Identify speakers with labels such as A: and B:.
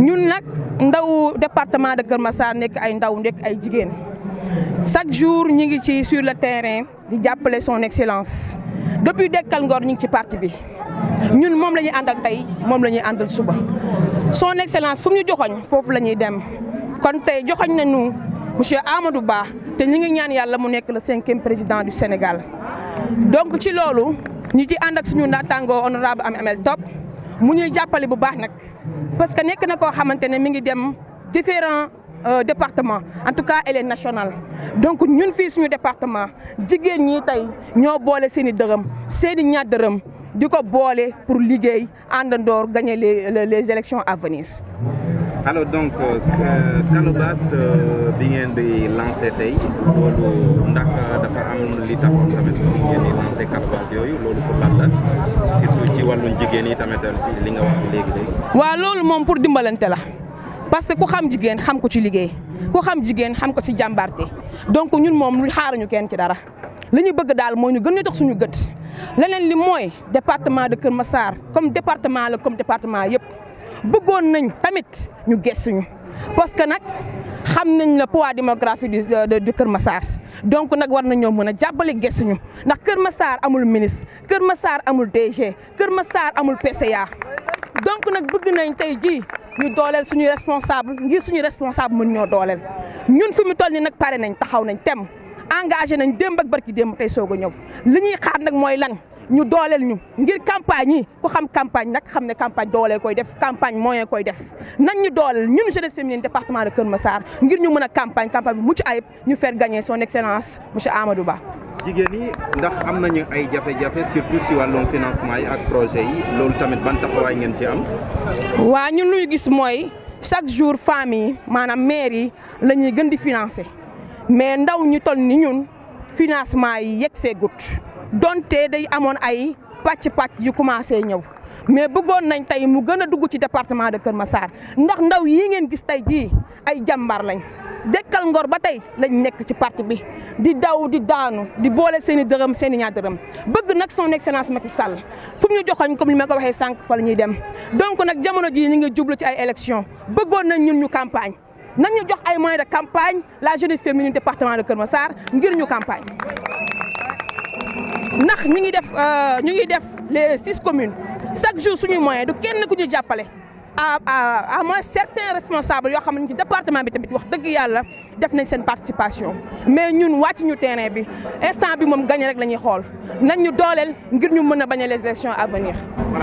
A: ñun nag ndaw département de Kër Massar nekk ay ndaw nekk ay jigéen chaque jour ñi ngi ci sur le terrain di jàppale son excellence depuis Dekkal Ngor ñi ngi ci parti bi ñun moom la ñuy àndal tey moom la ñuy àndal suba son excellence fu mu ñu joxoñ foofu la ñuy dem kon tey joxoñ nañu monsieur Amadou Ba te ñi ngi ñaan yàlla mu nekk la cinquième président du Sénégal donc ci loolu ñu ci ànd ak suñu naataangoo honorable amee Amel Top mu ñuy jàppale bu baax nag parce que nekk na koo xamante ne mi ngi dem différents euh, département en tout cas elle est nationale donc ñun fii suñu département jigéen ñi tey ñoo boole seeni i dërëm seen i ñaar dërëm di ko boole pour liggéey àndandoor gagner les les élections à venir. alors donc Calobas euh, euh, bi ngeen di lancé tey loolu ndax dafa am li taxoon tamit ngeen di lancé Calobas yooyu loolu pour lan wàllum jigéen yi tamit waaw loolu moom pour dimbalante la parce que ku xam jigéen xam ko ci liggéey ku xam jigéen xam ko ci jàmbaarte donc ñun moom xaara ñu kenn ci dara li ñu bëgg daal mooy ñu gën ñu jox suñu gët leneen li mooy département de Kër Massar comme département la comme département yëpp bëggoon nañ tamit ñu gëstuñu parce que nag. xam nañ la poids démographique du du Kër Massar donc nag war nañoo mën a jàppale ñu ndax Kër Massar amul ministre Kër Massar amul DG Kër Massar amul PCA donc nag bëgg nañ tey jii ñu dooleel suñu responsable ngir suñu responsable mën ñoo dooleel ñun fi mu toll ni nag pare nañ taxaw nañ tem engagé nañ démb ak barki démb tey soog a ñëw li ñuy xaar nag mooy lan. ñu dooleel ñu ngir campagne yi ku xam campagne nag xam ne campagne doolee koy def campagne moyen koy def nañ ñu dooleel ñun jeunesse féminine département de Kër Massar ngir ñu mën a campagne campagne bu mucc ayib ñu faire gagner son excellence monsieur Amadou Ba. jigéen yi ndax am nañu ay jafe-jafe surtout ci wàllum financement yi ak projet yi loolu tamit ban taxawaay ngeen ci am. waa ñun lu ñu gis mooy chaque jour femmes yi maanaam maires yi la gën di financer mais ndaw ñu toll ni ñun financement yi yegg see gut donte day amoon ay pàcc-pàcc yu commencé ñëw mais bëggoon nañ tey mu gën a dugg ci département de Kër Massar ndax ndaw yi ngeen gis tey jii ay jàmbaar lañ dekkal ngor ba tey lañ nekk ci parti bi di daw di daanu di boole seen i dërëm seen i ñaar dërëm bëgg nag son excellence Macky Sall fu ñu joxoon comme ni ma ko waxee sànq fa la ñuy dem donc nag jamono jii ñu ngi jublu ci ay élection bëggoon nañ ñun ñu campagne nañ ñu jox ay mooy de campagne la jeunesse féminine département de Kër Massar ngir ñu campagne ndax ñu ngi def euh, ñu ngi def les six communes chaque jour suñuy moyen du kenn ku ñu jàppale à à à moins certains responsables yoo xam ne ci département bi tamit wax dëgg yàlla def nañ seen participation mais ñun wàcc ñu terrain bi instant bi moom gagné rek la ñuy xool nañ ñu dooleel ngir ñu mën a bañ a les élections à venir.